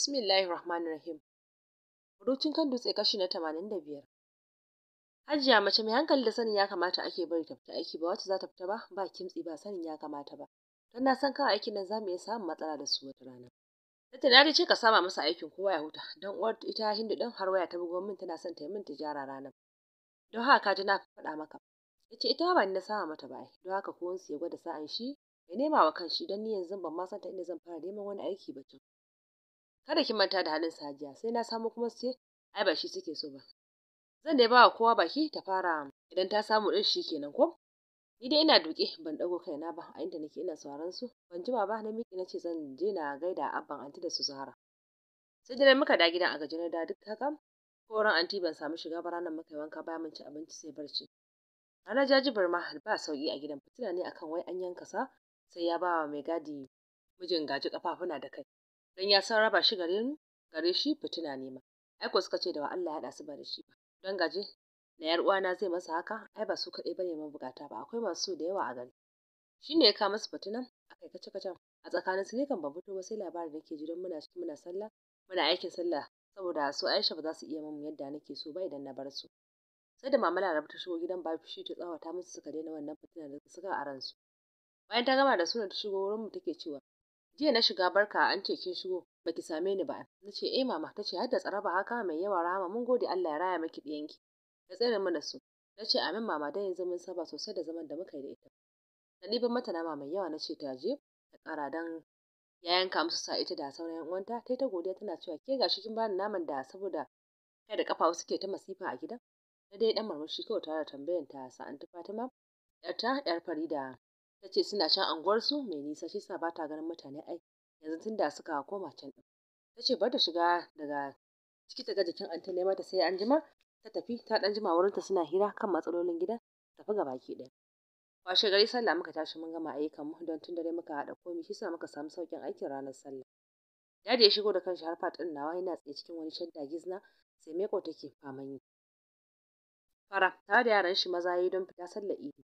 Bismillahir Rahmanir Rahim. Burucin kan dutse kashi na 85. Hajiya mace mai hankali da sanin ya kamata ake bari ta fita aiki ba wacce za ta fita ba ba kimtsi ba sanin ya kamata ba. Dan na san kawai aikin nan za mu iya samun matsala da su wata rana. Tattana da ce ka sama masa aikin kowa ya huta don uwar ita Hindu din har waya ta bugo min tana son ta yi min tijara ranar. Don haka ka ji na faɗa maka. Ya ce ita ba ni na sama mata ba don haka ko ya gwada sa'an shi ya nema wa shi don ni yanzu ban ma san ta inda zan fara neman wani aiki ba tun. kada ki manta da halin sajiya sai na samu kuma sai ai ba shi suke so ba zan dai ba kowa baki ta fara idan ta samu din shi kenan ko ni dai ina duke ban dago kaina ba a inda nake ina sauraron su ban jima ba na miki nace zan je na gaida abban anti da su Zahara sai dai muka da gidan a na da duk haka koran anti ban samu shiga ba ranar muka wanka ba mun ci abinci sai barci ranar jajibar ma ba sauki a gidan fitina ne akan wai an yanka sa sai ya ba wa mai gadi mijin gaji kafafuna da kai don ya san raba shi gare ni gare shi fitina ne ma ai ko suka ce da wa Allah ya hada su ba da shi ba don gaje na yar uwana zai masa haka ai ba su kaɗai bane bukata ba akwai masu da yawa a gari shi ne ya kawo masa fitinan akai kace kacen a tsakanin su ne kan babu to sai labarin nake ji don muna cikin muna sallah muna aikin sallah saboda su Aisha ba za su iya min yadda nake so ba idan na bar su sai da mama Laraba ta shigo gidan ba shi ta tsawata musu suka daina wannan fitina da suka a ransu bayan ta gama da suna ta shigo wurin mu take cewa Jiya na shiga barka an ce kin shigo baki same ni ba. Na ce eh mama tace. Hadda har da haka mai yawa Rahama mun gode Allah ya raya miki ɗiyanki. Ya tsare mana su. Na ce amin mama dan yanzu mun saba sosai da zaman da muka yi da ita. Na ɗiban mata nama mai yawa na ce ta je ta ƙara dan ya yanka musu sa ita da sauran uwanta ta ta godiya tana cewa ke gashi kin bani naman da saboda kai da kafawa suke ta masifa a gidan. Na dai dan marmashi kawai tare da tambayan ta sa'an ta Fatima yarta yar Farida ta ce suna shan anguwarsu mai nisa shi sa ba ta ganin mutane ai yanzu tun da suka koma can ɗin ta ce bar ta shiga daga ciki ta ga jikin antin ne mata sai an jima ta tafi ta ɗan jima wurinta suna hira kan matsalolin gida tafi ga baki ɗaya washe gari sallah muka tashi mun gama ayyukan mu don tun dare muka haɗa komai shi sa muka samu saukin aikin ranar sallah dadi ya shigo da kanshi har faɗin nawa yana tsaye cikin wani shadda gizna sai meko take faman yi fara tare da yaran shi maza yi don fita sallar idi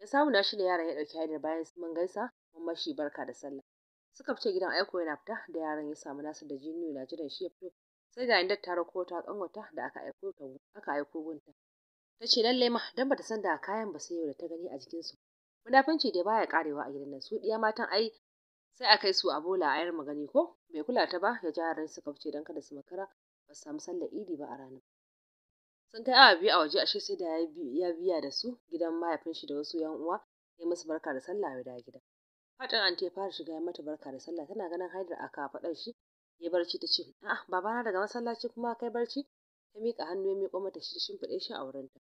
ya samu na shirya yaran ya ɗauki haidar bayan mun gaisa mun mashi barka da sallah suka fice gidan aiko yana fita da yaran ya samu nasu da jiniyo na jiran shi ya fito sai ga inda ta rako ta kanwata da aka aiko ta aka aiko gunta ta ce lalle ma dan bata san da kayan ba sai yau da ta gani a jikin su munafunci da baya karewa a gidan nan su diya matan ai sai a kai su a bola a yar magani ko bai kula ta ba ya ja yaran suka fice dan kada su makara ba su samu sallar idi ba a ranar Sun kai awa biyu a waje ashe sai da ya biya da su gidan mahaifin shi da wasu 'yan uwa ya yi musu barka da sallah ya dawo gida. Fatan ɗin ya fara shiga ya mata barka da sallah tana ganin Haidar a kafaɗar shi ya barci ta ce a'a babana daga masallaci kuma kai barci ta miƙa hannu ya miƙo mata shi shimfiɗe shi a wurinta.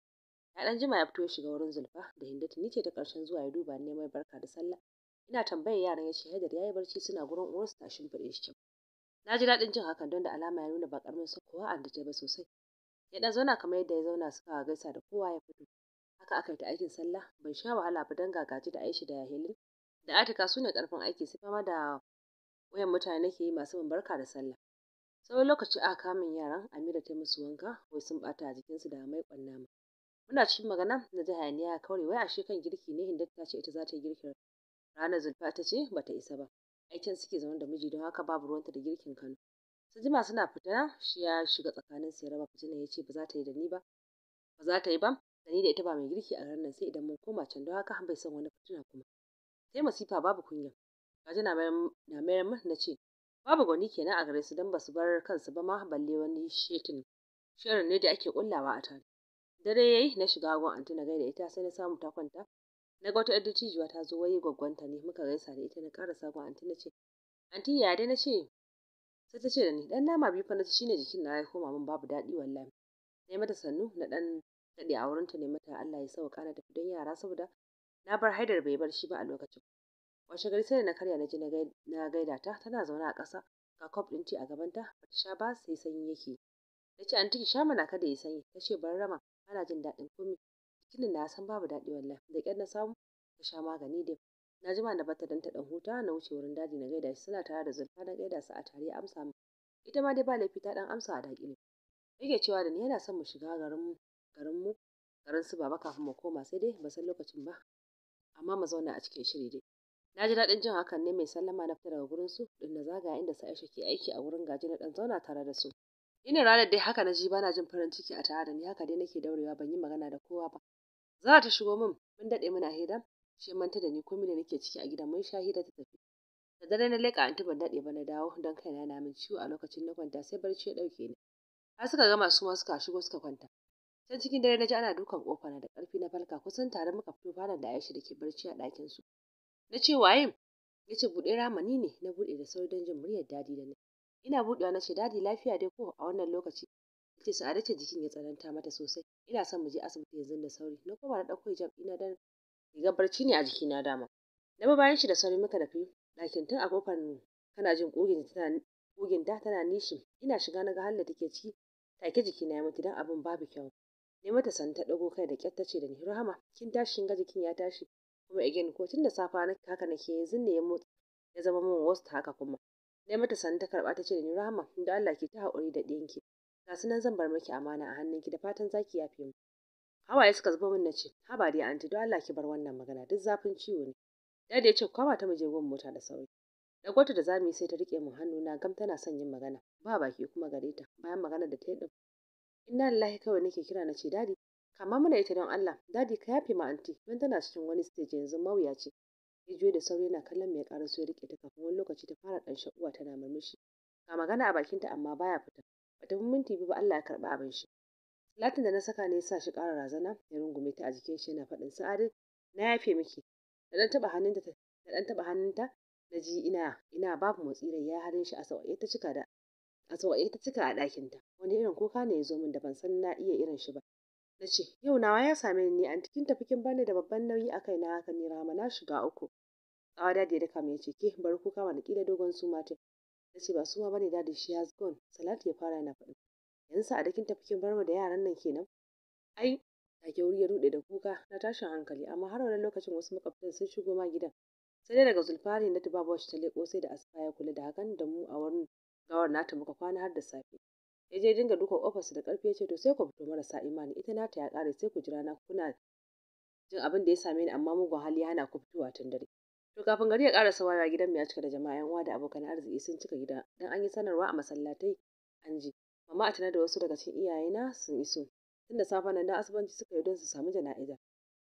Ya ɗan jima ya fito ya shiga wurin Zulfa da hinda ni ce ta ƙarshen zuwa ya duba ne mai barka da sallah. Ina tambayar yaran ya ce Haidar ya yi barci suna gurin uwarsu ta shimfiɗe shi Na ji daɗin jin hakan don da alama ya nuna ba ƙaramin sakowa a da ba sosai. ya ɗan zauna kamar yadda ya zauna suka gaisa da kowa ya fito haka aka yi ta aikin sallah bai sha wahala ba dan gagaji da Aisha da Helin da Atika su ne karfin aiki sai fama da wayan mutane ke yi masu min barka da sallah sau lokaci aka kamun yaran Amira ta musu wanka wai sun bata su da mai kwanna muna cikin magana na ji hayaniya ya kaure wai ashe kan girki ne inda ta ce ita za ta yi girkin ranar Zulfa ta ce bata isa ba aikin suke zaune da miji don haka babu ruwanta da girkin Kano sun suna fitina shi ya shiga tsakanin su ya raba fitina ya ce ba za ta yi da ni ba ba za ta yi ba da ni da ita ba mai girki a ranar sai idan mun koma can don haka bai son wani fitina kuma sai masifa babu kunya ji na mayar min na ce babu gwani kenan a gare su don ba su bar kansu ba ma balle wani shetin shirin ne da ake kullawa a tare dare yayi na shiga hagon anti na da ita sai na samu ta kwanta na ga wata yar dattijuwa ta zo waye gwaggwanta ne muka gaisa da ita na ƙara sagon anti na ce anti ya dai na ce sai ta ce da ni dan nama biyu fa na shine jikin na ya koma min babu daɗi wallahi na mata sannu na dan daɗe a wurinta ne mata Allah ya sauka na tafi don yara saboda na bar haidar bai bar shi ba a lokacin washe gari sai na karya na je na gaida ta tana zaune a ƙasa ga kwaf ɗin ci a gabanta ba ta sha ba sai sanyi yake na ce an sha mana kada ya sanyi ta ce bar rama ana jin daɗin komai jikin na san babu daɗi wallahi da ƙyar na samu ta sha magani dai na jima na batta dan ta dan huta na wuce wurin daji na gaida shi suna tare da zulfa na gaida su a tare amsa min ita ma dai ba laifi ta dan amsa a dakile yake cewa da ni yana son mu shiga garin garin mu garin su baba kafin mu koma sai dai ba san lokacin ba amma mu zauna a cikin shiri dai na ji daɗin jin hakan ne mai sallama na fita daga gurin su din na zagaya inda Aisha ke aiki a wurin gaji na dan zauna tare da su ina ranar dai haka na ji bana jin farin ciki a tare da ni haka dai nake daurewa ban yi magana da kowa ba za ta shigo min mun daɗe muna hira Shi ya manta da ni komai da nake ciki a gida mun sha hira ta tafi. Da dare na leƙa anti ban dade ba na dawo don kai na min ciwo a lokacin na kwanta sai barci ya dauke ni. Har suka gama su ma suka shigo suka kwanta. Can cikin dare na ji ana dukan ƙofa na da ƙarfi na falka kusan tare muka fito fara da Aisha dake barci a dakin su. Na ce waye? Ya ce buɗe ramani ne na bude da sauri don jin muryar dadi da ni. Ina buɗewa na ce dadi lafiya dai ko a wannan lokaci. Ya ce sa'ada jikin ya tsananta mata sosai. Ina son mu je asibiti yanzu da sauri. Na koma na dauko hijab ina dan rigar barci ne a jiki na dama na bayan shi da sauri muka tafi ɗakin tun a kofar kana jin ƙugin tana kugin da tana nishi ina shiga na ga halin da take ciki take na ya mutu dan abin babu kyau ne mata san ta dago kai da ƙyar ce da ni rahama kin tashi ga jikin ya tashi kuma again ko tun da safa na haka nake yanzu ne ya motsa ya zama min ta haka kuma ne mata san ta karba ta ce da ni rahama da Allah ki ta hakuri da ɗiyanki ga sunan zan bar miki amana a hannunki da fatan zaki yafe mu hawaye suka zubo min nace haba dai anti don Allah ki bar wannan magana duk zafin ciwo ne dadi ya ce kwama ta muje gwamnati mota da sauri gwata da zamu yi sai ta rike mu hannu na gam tana son yin magana ba baki kuma gare ta bayan magana da ta yi inna lillahi kawai nake kira na ce dadi kama mana ita don Allah dadi ka yafe ma anti don tana cikin wani stage yanzu ce ya juye da sauri yana kallon mai ƙara su ya rike ta kafin wani lokaci ta fara ƙanshin uwa tana murmushi ga magana a bakinta amma baya fita bata minti biyu ba Allah ya karɓi abin shi Latin da na saka ne sa shi ƙara razana ya rungume ta a jikin shi yana faɗin sa'adin na yafe miki da ɗan taɓa hannunta da ɗan taɓa hannunta na ji ina ina babu motsi rai ya halin shi a sawaye ta cika da a sawaye ta cika a ɗakin ta wani irin kuka ne ya zo min da ban san na iya irin shi ba na ce yau nawa ya same ni an cikin tafikin, kin bani da babban nauyi a kai na haka ni rama na shiga uku tsawa dadi ya daka ya ce ke bari kuka wani ƙila dogon suma ta." na ce ba suma bane dadi shi has gone Salatu ya fara yana faɗin yanzu sa'ada kin tafi kin bar mu da yaran nan kenan ai ke wuri ya rude da kuka na tashin hankali amma har wani lokacin wasu makwabtan sun shigo ma gidan sai dai daga zulfari na tuba shi ta leko sai da asfa ya kula da hakan da mu a wurin gawar nata muka kwana har da safe ya je dinga dukan ofis da karfi ya ce to sai ku fito marasa imani ita nata ya kare sai ku jira na kuna jin abin da ya same ni amma mugun hali hana ku fitowa tun dare to kafin gari ya ƙara sawaya gidan mu ya cika da jama'a yan uwa da abokan arziki sun cika gida dan an yi sanarwa a masallatai an ji mama atina da wasu daga cikin iyayena sun iso tunda safe nan dan asibanci suka yi don su samu jana'iza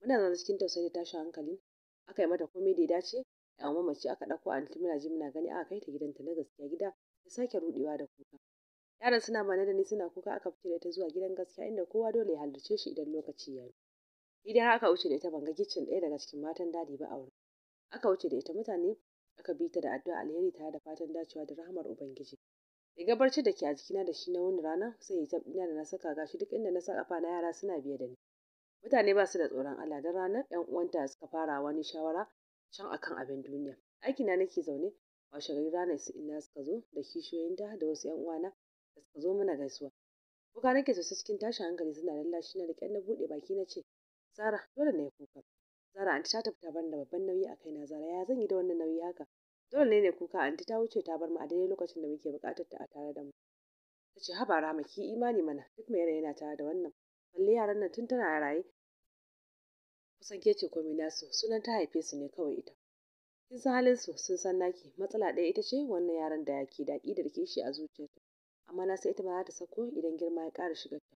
muna zaune cikin tausayi da tashin hankali aka yi mata komai da ya dace a mace aka ɗauko a muna ji muna gani aka kai ta gidanta na gaskiya gida ta sake rudewa da kuka yaran suna bane da ni suna kuka aka fice da ita zuwa gidan gaskiya inda kowa dole ya halarce shi idan lokaci ya yi idan aka wuce da ita ban ga kicin ɗaya daga cikin matan dadi ba a wuri. aka wuce da ita mutane aka bi ta da addu'a alheri tare da fatan dacewa da rahamar ubangiji riga barci da ke a jikina da shi na wani rana sai ya ɗina da na saka gashi duk inda na sa kafa na yara suna biye da ni mutane ba su da tsoron Allah da ranar 'yan uwanta suka fara wani shawara can akan abin duniya aikina nake zaune washe gari ranar su ina suka zo da kishiyoyinta da wasu 'yan uwana da suka zo mana gaisuwa kuka nake sosai cikin tashin hankali suna lallashi na da na buɗe baki na ce Zara dole na yi kuka Zara anti ta tafi ta da babban nauyi a kaina Zara ya zan yi da wannan nauyi haka Dole ne kuka anti ta wuce ta bar mu a daidai lokacin da muke buƙatar ta a tare da mu. Ta ce haba Rama ki imani mana duk mai yana yana tare da wannan. Balle yaran nan tun tana raye kusan ke ce komai nasu sunan ta haife su ne kawai ita. Kin san halin su sun san naki matsala ɗaya ita ce wannan yaran da ke da da shi a zuciyarta. Amma na san ita ba za ta sako idan girma ya ƙara shigar ta.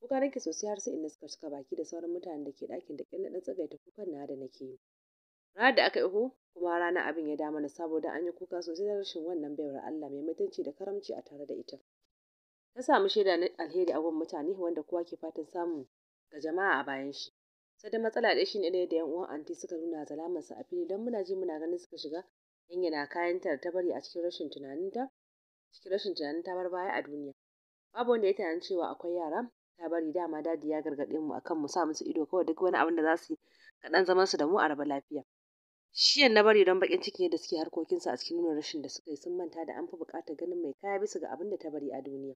Kuka rinke sosai har sai in suka cika baki da sauran mutanen da ke ɗakin da ƙyar na ɗan tsagaita kukan na da nake yi. Ranar da aka ihu kuma ranar abin ya dama na saboda an yi kuka sosai da rashin wannan baiwar Allah mai mutunci da karamci a tare da ita. Ta samu shaida na alheri a gun mutane wanda kowa ke fatan samu ga jama'a a bayan shi. Sai da matsala da shine ne da ‘yan uwan anti suka nuna sa a fili don muna ji muna ganin suka shiga yanyana kayanta da ta bari a cikin rashin ta cikin rashin tunanin ta bar baya a duniya. Babu wanda ya tunanin cewa akwai yara ta bari dama dadi ya gargaɗe mu akan mu sa musu ido kawai duk wani abin da za su yi kaɗan zaman su da mu a raba lafiya. shiyan na bari don bakin ciki yadda suke harkokinsu a cikin nuna rashin da suka yi sun manta da an fi buƙatar ganin mai kaya bisa ga abin da ta bari a duniya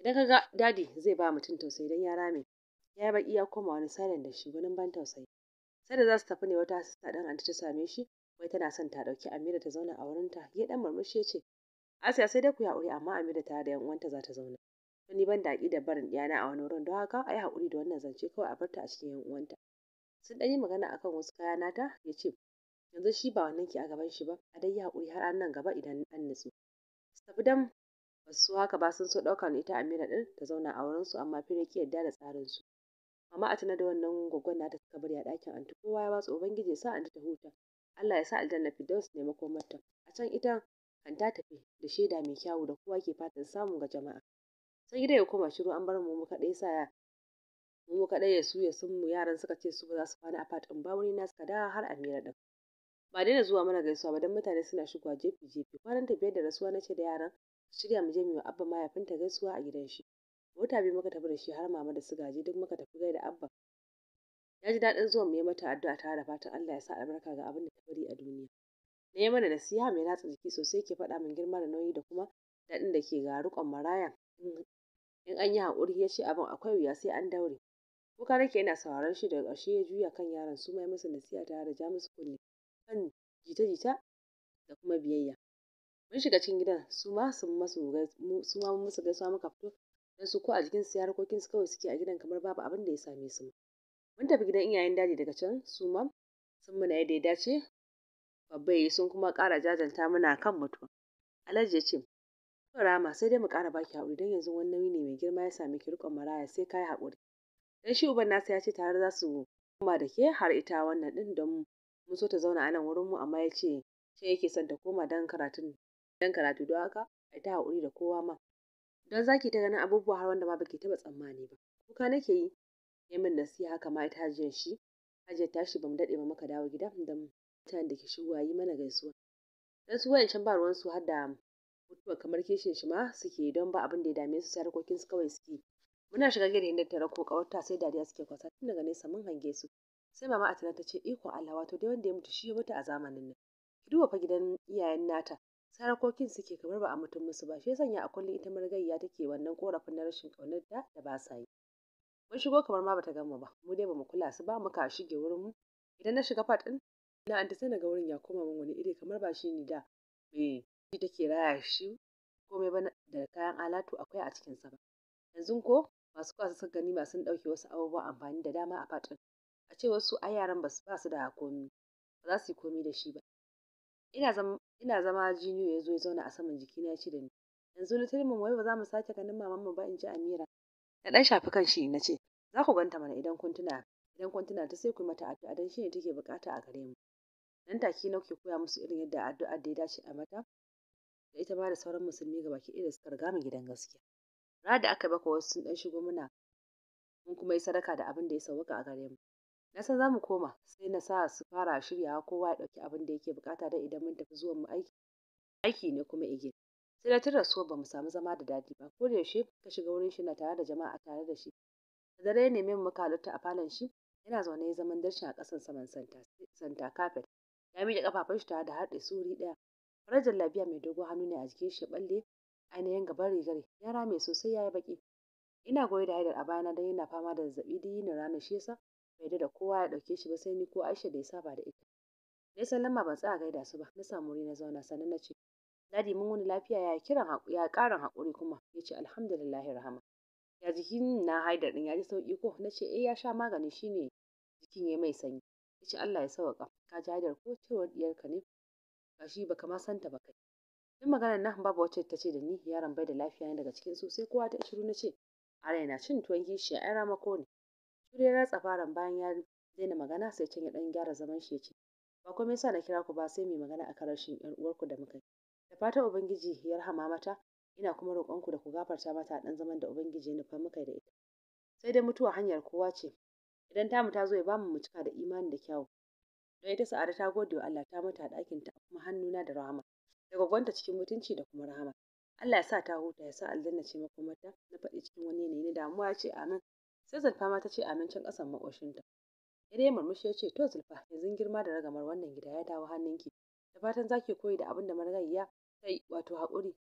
idan ka ga dadi zai ba mutum tausayi don ya rame ya yi baki koma wani silent da shi gwanin ban tausayi sai da za su tafi ne wata asista ɗan anti ta same shi wai tana son ta ɗauki amira ta zauna a wurinta ya ɗan murmushi ya ce asiya sai dai ku haƙuri amma amira tare da yan uwanta za ta zauna to ban da da barin ɗiyana a wani wurin don haka a yi haƙuri da wannan zance kawai a ta a cikin yan uwanta sun ɗan yi magana akan wasu kaya nata ya ce yanzu shi ba wannan ke a gaban shi ba a dai yi haƙuri har an nan gaba idan an nutsu tafi dam ba su haka ba sun so ɗaukar ita Amira ɗin ta zauna a su amma Fira ki yarda da tsarin su amma a tuna da wannan gwaggon nata suka bari a ɗakin anti kowa ya watsa ubangiji ya sa anti ta huta Allah ya sa aljanna Firdaus ne makomarta a can ita kan ta tafi da shaida mai kyawu da kowa ke fatan samu ga jama'a sai gida ya koma shiru an bar mu mu kaɗai sa mu kaɗai ya suya sun mu yaran suka ce su ba za su kwana a fatan. ba wuri na suka da har Amira ɗin ba daina zuwa mana gaisuwa ba don mutane suna shigowa jefi jefi kwanan biyar da rasuwa na ce da yaran su shirya mu je mu abba mahaifinta gaisuwa a gidan shi mota biyu muka tafi da shi har mama da su gaji duk muka tafi gaida abba ya ji daɗin zuwan mu yi mata addu'a tare da fatan Allah ya sa albarka ga abin da ta bari a duniya na yi mana nasiha mai natsa jiki sosai ke faɗa min girma da nauyi da kuma daɗin da ke ga riƙon maraya in an yi haƙuri ya ce abin akwai wuya sai an daure kuka nake ina sauraron shi da ƙarshe ya juya kan yaron su yi musu nasiha tare da ja musu kunne kan jita-jita da kuma biyayya mun shiga cikin gidan su ma sun masu su ma musu gaisuwa muka fito don su ko a jikin su harkokin su kawai suke a gidan kamar babu abin da ya same su mun tafi gidan iyayen daji daga can su ma sun muna yadda ya dace babba yi sun kuma ƙara jajanta muna kan mutuwa alhaji ya ce rama sai dai mu ƙara baki haƙuri don yanzu wani nauyi ne mai girma ya same ki riƙon maraya sai ka yi haƙuri dan shi uban nasa ya ce tare za su koma da ke har ita wannan din don mun so ta zauna a nan wurin mu amma ya ce shi yake son ta koma dan karatun dan karatu don haka ai ta haƙuri da kowa ma don zaki ta ganin abubuwa har wanda ma baki taɓa tsammani ba kuka nake yi ya min nasiha haka ma ita hajiyar shi hajiyar tashi bamu daɗe ba muka dawo gida dan mutanen da ke shigowa yi mana gaisuwa dan su wayancan ba ruwan su har da mutuwa kamar kishin shi ma suke don ba abin da ya dame su sai harkokin su kawai suke muna shiga gidan da ta rako kawarta sai dariya suke kwasa tun daga nesa mun hange su sai mama na ta ce iko Allah wato dai wanda ya mutu shi ya mutu a zamanin nan ki duba fa gidan iyayen nata sarakokin suke kamar ba a mutum musu ba shi ya sanya a kullum ita marigayya take wannan korafin na rashin kaunar da da ba sa yi mun shigo kamar ma bata gama ba mu dai bamu kula su ba muka shige wurin mu idan na shiga fat din na anta sai naga wurin ya koma min wani iri kamar ba shi ni da me shi take raya shi komai ba da kayan alatu akwai a cikin sa ba yanzu ko masu kwasa sun gani masu ɗauke wasu abubuwa amfani da dama a fat a ce wasu ai yaran ba su da komi ba za su yi komi da shi ba ina zama ina zama ya zo ya zauna a saman jikina ya ce da ni yanzu litinin mu wai ba za mu sake ganin mu ba in ji Amira na dan shafi kan shi na ce za ku ganta mana idan kun tuna idan kun tuna ta sai ku mata addu'a dan shine take bukata a gare mu nan take na ke koya musu irin yadda addu'a da ya dace a mata da ita ma da sauran musulmi ga ɗaya da suka riga mu gidan gaskiya ranar da aka baka wasu sun dan shigo muna mun kuma yi sadaka da abin da ya sauka a gare mu Na san za mu koma, sai na sa su fara shiryawa kowa ya ɗauki abin da yake bukata don idan mun tafi zuwan mu aiki aiki ne kuma igil. Sai na tura rasuwar ba mu samu zama da dadi ba, ko da yaushe ka shiga wurin shi na tare da jama'a tare da shi. Da dare ya neme mu muka halitta a falon shi, yana zaune ya zaman darshi a ƙasan saman santa kafet. Ya miƙe kafafun shi tare da haɗe su wuri ɗaya. Farajin Labiya mai dogon hannu ne a jikin shi balle ainihin gaban rigar ya mai sosai ya yi baƙi. Ina goyi da haidar a bayana don yana fama da zazzaɓi da yinin ranar shi yasa bai yarda da kowa ya ɗauke shi ba sai ni ko Aisha da ya saba da ita. Na sallama ban tsaya gaida su ba, na samu wuri na zauna sannan na ce, Ladi mun wani lafiya ya kiran ya ƙarin haƙuri kuma ya ce alhamdulillahi rahama. Ya jikin na haidar ɗin ya ji sauƙi ko na ce eh ya sha magani shine jikin ya mai sanyi. Ya ce Allah ya sauƙa ka ji haidar ko cewar diyarka ne shi baka ma santa ba kai. Duk maganar nan babu wacce ta ce da ni yaron bai da lafiya ne daga cikin su sai kowa ta shiru na ce a raina cin tuwon kishi a ramako ne. Shiru ya ratsa falon bayan ya daina magana sai can ya ɗan gyara zaman shi ya ce, Ba komai sa na kira ku ba sai mai magana akan rashin ‘yar uwarku da muka yi. Da fatan Ubangiji ya rahama mata, ina kuma roƙonku da ku gafarta mata ɗan zaman da Ubangiji ya nufa muka da ita. Sai dai mutuwa hanyar kowa ce, idan tamu ta zo ya bamu mu cika da imani da kyawu. Don ita Sa'ada ta gode wa Allah ta mata ɗakin ta kuma hannuna da rahama, da gwagwanta cikin mutunci da kuma rahama. Allah ya sa ta huta ya sa aljanna ce makomarta na faɗi cikin wani yanayi na damuwa ce amin. sai zulfa ma ta ce amincin ƙasan maƙoshinta ya dai murmushi ya ce to zulfa yanzu girma da ragamar wannan gida ya dawo hannunki da fatan za ki koyi da abin da ya kai yi wato haƙuri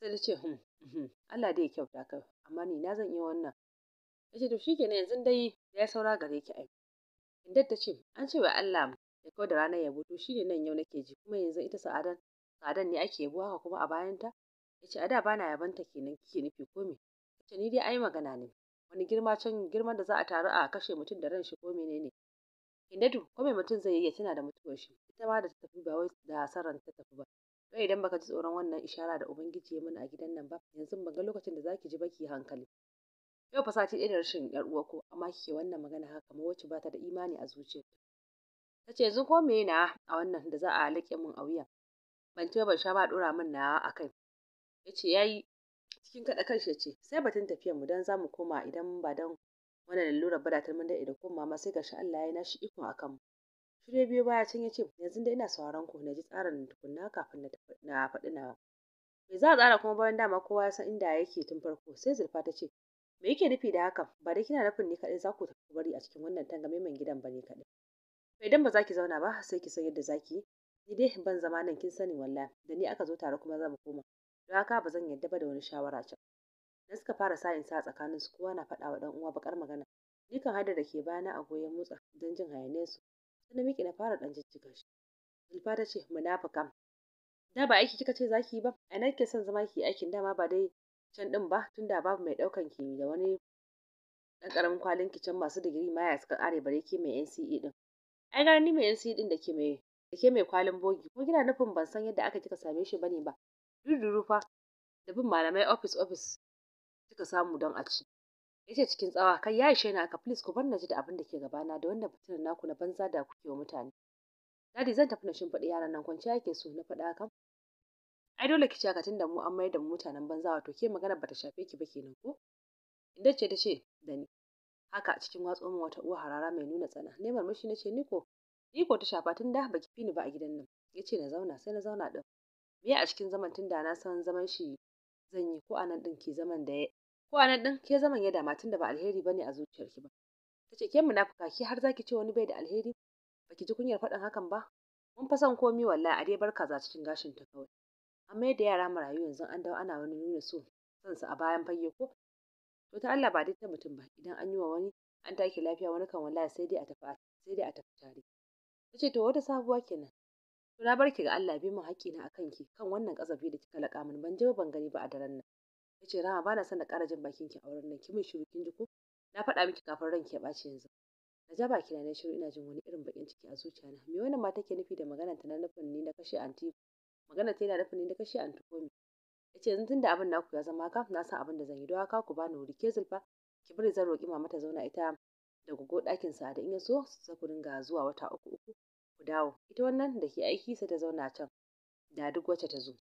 sai ta ce hum hmm, Allah dai ya kyauta ka amma ni na zan iya wannan ya ce to shi kenan yanzu dai ya saura gare ki ai inda ta ce an ce wa Allah ya kawo da ranar yabo to ne nan yau nake ji kuma yanzu ita sa'adan sa'adan ne ake yabo haka kuma a bayanta ya ce a da bana yabanta kenan kike nufi ko me ce ni dai ai magana ne wani girma can girman da za a taru a kashe mutum da ran shi ko menene Hindatu ko mai mutum zai yi ya tuna da mutuwar shi ita ma da ta tafi ba wai da hasaran ta tafi ba kai idan baka ji tsoron wannan ishara da ubangiji ya mana a gidan nan ba yanzu ban ga lokacin da zaki ji ba ki hankali yau fa sati ɗaya da rashin yar uwa ko amma kike wannan magana haka kamar wacce ba da imani a zuciyarta tace yanzu ko me na a wannan da za a laƙe min a wuya ban ce ban sha ba ɗora min na akai kai yace yayi cikin kaɗa kan shi ce sai batun tafiyar mu dan zamu koma idan ba dan wannan lalurar ba da ta mun da koma ma sai gashi Allah ya nashi iko a kanmu shirye biyu baya can ya ce yanzu dai ina sauraron ku na ji tsarin tukunna kafin na faɗi na me za a tsara kuma bayan dama kowa ya san inda yake tun farko sai zulfa ta ce me yake nufi da hakan ba da kina nufin ni kaɗai za ku tafi bari a cikin wannan tanga mai gidan ba ne kaɗai to idan ba za ki zauna ba sai ki san yadda za ki yi ni dai ban zama nan kin sani wallahi da ni aka zo tare kuma za mu koma don haka ba zan yarda ba da wani shawara can da suka fara in sa tsakanin su kowa na faɗa wa dan uwa bakar magana ni kan da ke bayana a goyon motsa don jin hayaniyar su sai na miƙe na fara ɗan jijjiga shi zulfa ta ce munafuka da ba aiki kika ce za ki yi ba a ina kike son zama ki aikin dama ba dai can ɗin ba tun da babu mai ɗaukan ki da wani ɗan ƙaramin kwalin kicin masu digiri ma ya suka ƙare bare ke mai NCE ɗin. ai gara ni mai NCE ɗin da ke mai da ke mai kwalin bogi ko kina nufin ban san yadda aka kika same shi bane ba Dururu fa da bin malamai ofis-ofis suka samu don a ci. Ya ce cikin tsawa, kai ya ishe ni aka please ku bar na ji da abin da ke gabana da wannan fitinar naku na banza da kuke wa mutane. Dadi zan tafi na faɗi yaran nan kwanciya yake so na faɗa kan Ai dole ki caka tun da mu an mayar da mu mutanen banza wato ke magana bata shafe ki ba kenan ko? Inda ce ta ce da ni. Haka cikin watsu min wata uwa harara mai nuna tsana. nemar murmushi na ce ni ko ni ko ta shafa tun da baki fi ni ba a gidan nan. Ya ce na zauna sai na zauna ɗin. me a cikin zaman tunda na san zaman shi zan yi ko anan din ke zaman da ko anan din ke zaman ya dama tunda ba alheri bane a zuciyar ki ba tace ke munafuka ki har zaki ce wani bai da alheri baki ji kunyar faɗin hakan ba mun fa san komai wallahi a dai barka kaza cikin gashin ta kawai amma yadda yara marayu yanzu an dawo ana wani nuna so son su a bayan fage ko to ta Allah ba dai ta mutum ba idan an yi wa wani an take lafiya wani kan wallahi sai dai a tafi sai dai a tafi tare tace to wata sabuwa kenan To na barki ga Allah bi haƙƙi na akan ki kan wannan ƙazafi da kika laƙa min ban je ba ban gani ba a daren nan. Ya ce Rama ba son na ƙara jin bakin ki a wurin nan ki min shiru kin ji ko? Na faɗa miki kafin ranki ya ɓaci yanzu. Na ja baki na shiru ina jin wani irin bakin ciki a zuciya na. Me wannan ma take nufi da maganar ta na nufin ni na kashe anti? Maganar ta yana nufin ni na kashe anti ko me? Ya ce yanzu tunda abin naku ya zama kafin na san abin da zan yi don haka ku bani wuri ke zulfa ki bari zan roƙi mama ta zauna ita da gogo ɗakin sa da in ya so sai ku dinga zuwa wata uku uku ku dawo ita wannan da ke aiki sai ta zauna can da duk wacce ta zo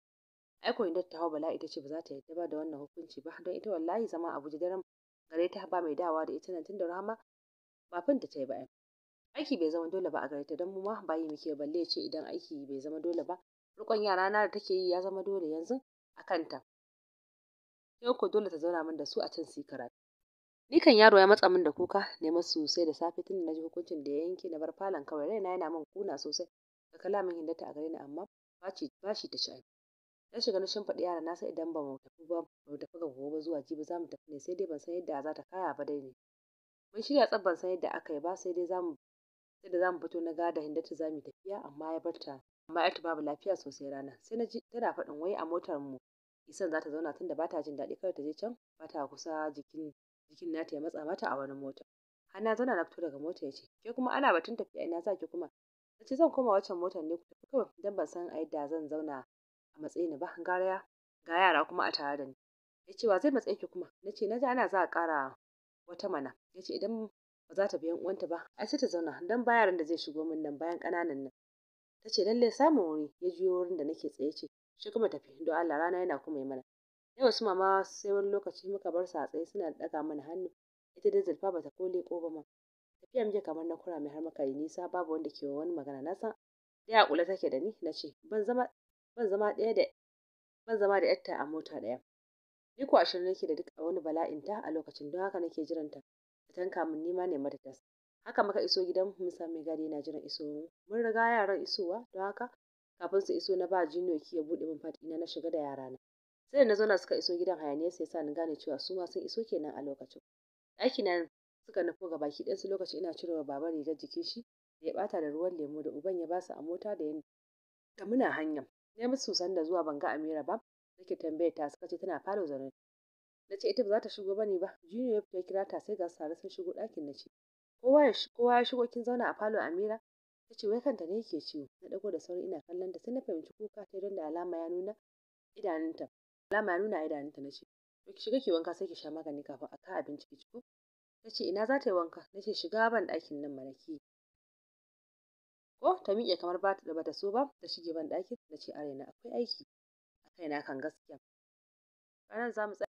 ai ko inda ta hawa bala ita ce ba za ta yarda ba da wannan hukunci ba don ita wallahi zama a Abuja daren gare ta ba mai dawa da ita nan da Rahama ba fin da ta yi ba aiki bai zama dole ba a gare ta don mu ma ba yi muke balle ce idan aiki bai zama dole ba rukon yara na da take yi ya zama dole yanzu a kanta yau ko dole ta zauna min da su a can su yi karatu Ni yaro ya matsa min da kuka ne masu sosai da safe tunda na ji hukuncin da ya yanke na bar falon kawai raina yana min kuna sosai ga kalamin Hindata a gare ni amma ba shi ta ci ake. Na shiga na shimfiɗa yara na sa idan ba mu tafi ba mu tafi ga gobe zuwa jibi za mu tafi ne sai dai ban san yadda za ta kaya ba dai ne. Mun shirya tsab ban san yadda aka yi ba sai dai za mu sai da za mu fito na gada Hindata za mu tafiya amma ya bar ta amma yarta babu lafiya sosai rana sai na ji tana faɗin wai a motar mu Isan za ta zauna tunda ba ta jin daɗi kada ta je can ba ta kusa jikin jikin nata ya matsa mata a wani mota har na zauna na fito daga mota ya ce ke kuma ana batun tafiya ina za ki kuma na ce zan koma waccan motar ne ku tafi kawai dan ban san a yadda zan zauna a matsayin ba ga yara kuma a tare da ni ya ce wa zai matsayi ki kuma na ce na ji ana za a ƙara wata mana ya ce idan ba za ta biyan uwanta ba ai sai ta zauna dan ba yaran da zai shigo min nan bayan ƙananan nan ta ce lallai samun wuri ya juyo wurin da nake tsaye ce shi kuma tafi don Allah rana yana kuma yi mana Yau su mama sai wani lokaci muka bar su a tsaye suna ɗaga mana hannu, ita dai Zulfa ba ta ko ba ma. Tafiya muke kamar na mai har muka yi nisa babu wanda ke wani magana na san dai a ƙule take da ni na ce ban zama ban zama ɗaya da ban zama da a mota ɗaya. Ni ko ashirin nake da duk wani bala'in ta a lokacin don haka nake jiran ta ta tanka min nima ne mata tas. Haka muka iso gidan mun san mai gadi na jiran iso mu. Mun riga yaran isowa don haka kafin su iso na ba Junior ki ya buɗe min fat ina na shiga da yarana. sai da na zauna suka iso gidan hayaniyar sai sa ni gane cewa su ma sun iso kenan a lokacin ɗaki na suka nufo ga baki ɗansu lokacin ina cirewa baba rigar jikin shi da ya ɓata da ruwan lemu da uban ya ba su a mota da da muna hanya na musu sanda zuwa ban ga Amira ba nake tambayar ta suka ce tana falo zaune na ce ita ba za ta shigo bane ba Junior ya fita kira ta sai ga sare sun shigo ɗakin na ce kowa ya shigo kin zauna a falo Amira ta ce wai kanta ne yake ciwo na ɗago da sauri ina kallon ta sai na fahimci kuka ta don da alama ya nuna idanunta alama nuna a idanunta na ce to ki shiga ki wanka sai ki sha magani kafin a ka abinci ki ciko ta ce ina za ta yi wanka na ce shiga ban ɗakin nan mana ki ko ta miƙe kamar ba ta bata so ba ta shige ban ɗakin na ce a raina akwai aiki a kaina kan gaskiya nan za mu tsaya